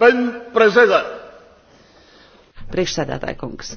Priekšsēdētāja kungs.